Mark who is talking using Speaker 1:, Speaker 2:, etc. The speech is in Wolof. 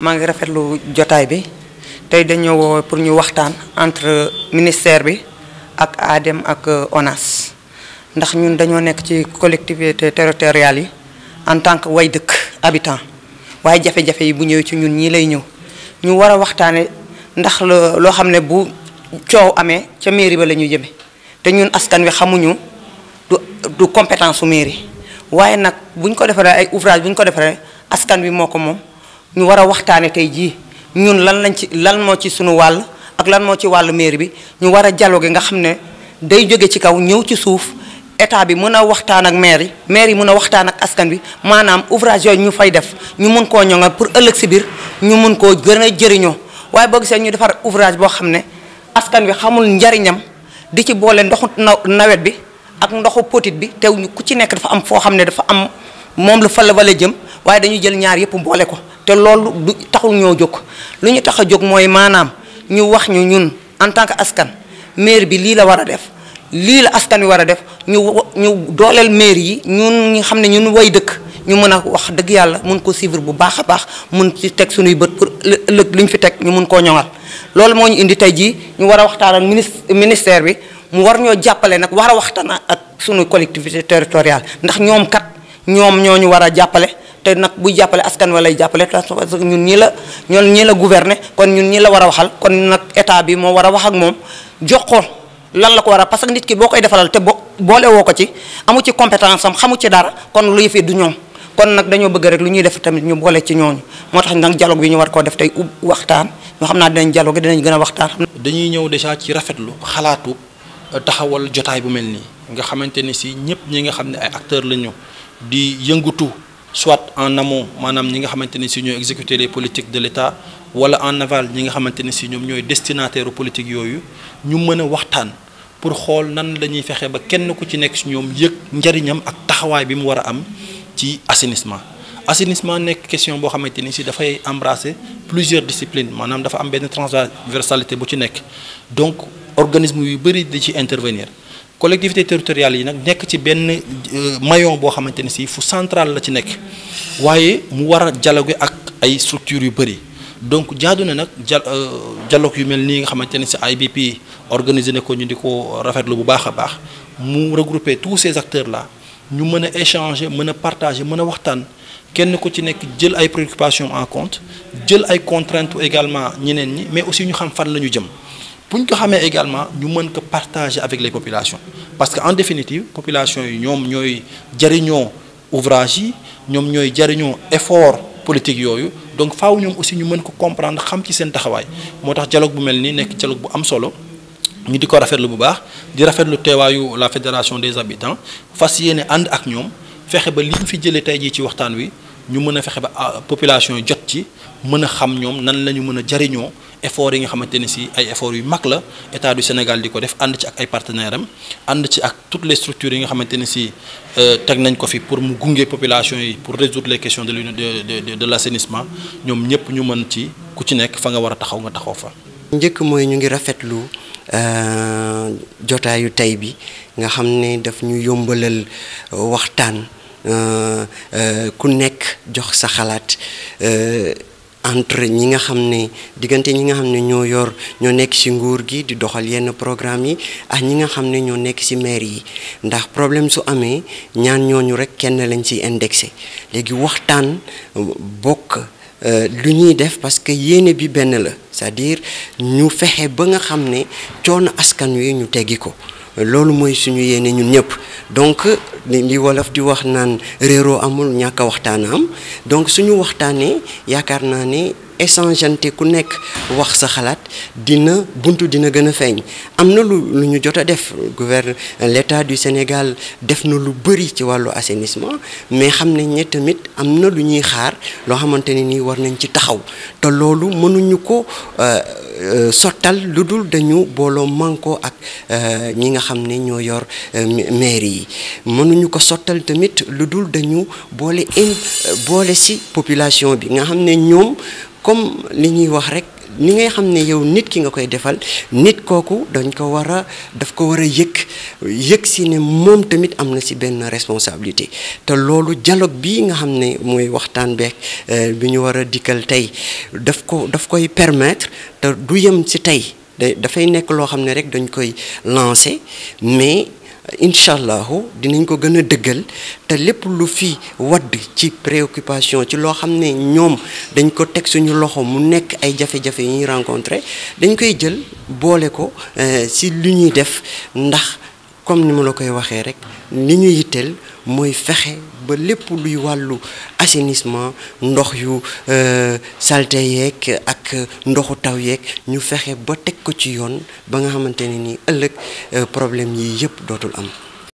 Speaker 1: maa ngi rafetlu jotaay bi tey dañoo woo pour ñu waxtaan entre ministère bi ak ADEM ak euh, ONAS ndax ñun dañoo nekk ci collectivité territoriale yi en tant que way dëkk habitant waaye jafe-jafe yi bu ñëwee ci ñun ñii lay ñëw ñu war a waxtaane ndax loo xam ne bu coow amee ca mairie ba la ñu jëme te ñun askan wi xamuñu du du compétence su mairie waaye nag buñ ko defaree ay ouvrage bu ko defaree askan wi moo ko moom ñu war a waxtaane tey jii ñun lan lañ ci lan moo ci suñu wàll ak lan moo ci wàllu mairie bi ñu war a dialogue nga xam ne day jóge ci kaw ñëw ci suuf état bi mën a waxtaan ak maire yi maire yi mën a waxtaan ak askan bi maanaam ouvrage yooyu ñu fay def ñu mun koo ñoŋal pour ëllëg si biir ñu mun koo gën a jëriñoo waaye boo gisee ñu defar ouvrage boo xam ne askan bi xamul njariñam di ci boole ndoxu nawet bi ak ndoxu potit bi tew ku ci nekk dafa am foo xam ne dafa am moom la fa la wala jëm waaye dañu jël ñaar yëpp mboole ko te loolu du taxul ñoo jóg lu ñu tax a jóg mooy maanaam ñu wax ñu ñun en tant que askan maire bi lii la war a def lii la askan wi war a def ñu ñu dooleel maire yi ñun xam ne ñun way dëkk ñu mën a wax dëgg yàlla mun ko suivre bu baax a baax mun ci teg suñuy bët pour ëllëg lu ñu fi teg ñu mun koo ñoŋal loolu moo ñu indi tey jii ñu war a waxtaan ak ministre ministère bi mu war ñoo jàppale nag war a waxtaan ak suñu collectivité territoriale ndax ñoom kat ñoom ñoo ñu war a jàppale te nag buy jàppale askan wa lay jàppale parce que ñun ñi la ñoon ñi la gouverner kon ñun ñi la war a waxal kon nag état bi moo war a wax ak moom jox ko lan la ko war a parce que nit ki boo koy defalal te bo boole woo ko ci amu ci compétence am xamu ci dara kon lu yëfi du ñoom kon nag dañoo bëgg rek lu ñuy def tamit ñu boole ci ñooñu moo tax nag dialogue bi ñu war koo def tey ub waxtaan ñoo xam naa dinañ dialogue dinañ gën a waxtaan. dañuy ñëw
Speaker 2: déjà ci rafetlu xalaatu euh, taxawal jotaay bu mel nii nga xamante ni si ñëpp ñi nga xam ne ay acteurs lañu di yëngatu. soit en namon maanaam ñi nga xamante ne si ñooy exécuter les politiques de l'État wala en aval ñi nga xamante ne si ñoom ñooy destinataire politique yooyu ñu mën a waxtaan pour xool nan la fexe ba kenn ku ci nekk si ñoom yëg njariñam ak taxawaay bi mu war a am ci assainissement assainissement nekk question boo xamante ni si dafay embrasser plusieurs disciplines maanaam dafa am benn transversalité bu ci nekk donc organisme yu bëri di ci intervenir collectivité territoriale yi nag nekk ci benn euh, mayon boo xamante ne si fu centrale la ci nekk waaye mu war a dialogue ak ay structures yu bëri donc jaadu na nag ja euh, dialogue yu mel nii nga xamante ni si IBP organisé na ko ñu di ko rafetlu bu baax a baax mu regrouper tous ces acteurs la ñu mën a échangé mën a partagé mën a waxtaan kenn ku ci nekk jël ay préoccupations en compte jël ay contraintes également ñeneen ñi mais aussi ñu xam fan la ñu jëm. bu ñu ko xamee également ñu mën ko partager avec les populations parce que en définitive population yi ñoom ñooy jariñoo ouvrage yi ñoom ñooy jariñoo effort politique yooyu donc faw ñoom aussi ñu mën ko comprendre xam ci seen taxawaay moo tax dialogue bu mel ni nekk dialogue bu am solo ñu di ko rafetlu bu baax di rafetlu teewaayu la fédération des habitants fas yéene ànd ak ñoom fexe ba li fi jëlee tey jii ci waxtaan wi ñu mën a fexe ba population yi jot ci mën a xam ñoom nan la ñu mën a jariñoo effort yi nga xamante ni si ay effort yu mag la état du Sénégal di ko def ànd ci ak ay partenaires am ànd ci ak toutes les structures yi nga xamante ni si euh, teg nañ ko fi pour mu gunge population yi pour résoudre les questions de de de l'assainissement ñoom ñëpp ñu mën ci ku ci nekk fa nga war a taxaw nga taxaw fa.
Speaker 3: njëkk mooy ñu ngi rafetlu. Euh, jotaayu tey bi nga xam ne daf ñu yombalal euh, waxtaan ku nekk jox sa xalaat entre ñi nga xam ne diggante ñi nga xam ne ñoo yor ñoo nekk ci nguur gi di doxal yenn programme yi ak ñi nga xam ne ñoo nekk ci maire yi ndax problème su amee ñaan ñooñu rekk kenn lañ ci indexé léegi waxtaan bokk euh, lu ñuy def parce que yéene bi benn la cest à ñu fexe ba nga xam ne coono askan wi ñu teggi ko loolu mooy suñu yéene ñun ñëpp donc li wolof di wax naan réeroo amul ñàkk a waxtaan am donc suñu waxtaanee yaakaar naa ne échangeante ku nekk wax sa xalaat dina buntu dina gën a feeñ am na lu lu ñu jot a def gouverne létat du Sénégal def na lu bëri ci wàllu assainissement mais xam ne tamit am na lu ñuy xaar loo xamante ne nii war nañ ci taxaw te loolu mënuñu ko euh, euh, sottal lu dul dañu booloo mànkoo ak euh, ñi nga xam ne ñoo yor maire yi mënuñu ko sottal tamit lu dul dañu boole in boole si population bi nga xam ne ñoom comme li ñuy wax rek ni ngay xam ne yow nit ki nga koy defal nit kooku dañ ko war a daf ko war a yëg yëg si ne moom tamit am na si benn responsabilité te loolu jaloog bi nga xam ne mooy waxtaan beeg euh, bi ñu war a dikkal tey daf ko daf koy permettre te du yem si tey dafay nekk loo xam ne rek dañ koy lancer mais incha allahu dinañ ko gën a dëggal te lépp lu fi wadd ci préoccupation ci loo xam ne ñoom dañ ko teg suñu loxo mu nekk ay jafe-jafe yu ñuy rencontré dañ koy jël boole ko euh, si lu ñuy def ndax comme ni mu la koy waxee rek li ñu yitteel mooy fexe ba lépp luy wàllu assainissement ndox yu euh, salte yeeg ak ndoxu taw yeeg ñu fexe ba teg ko ci yoon ba nga xamante ne ni ëllëg euh, problème yi yëpp dootul am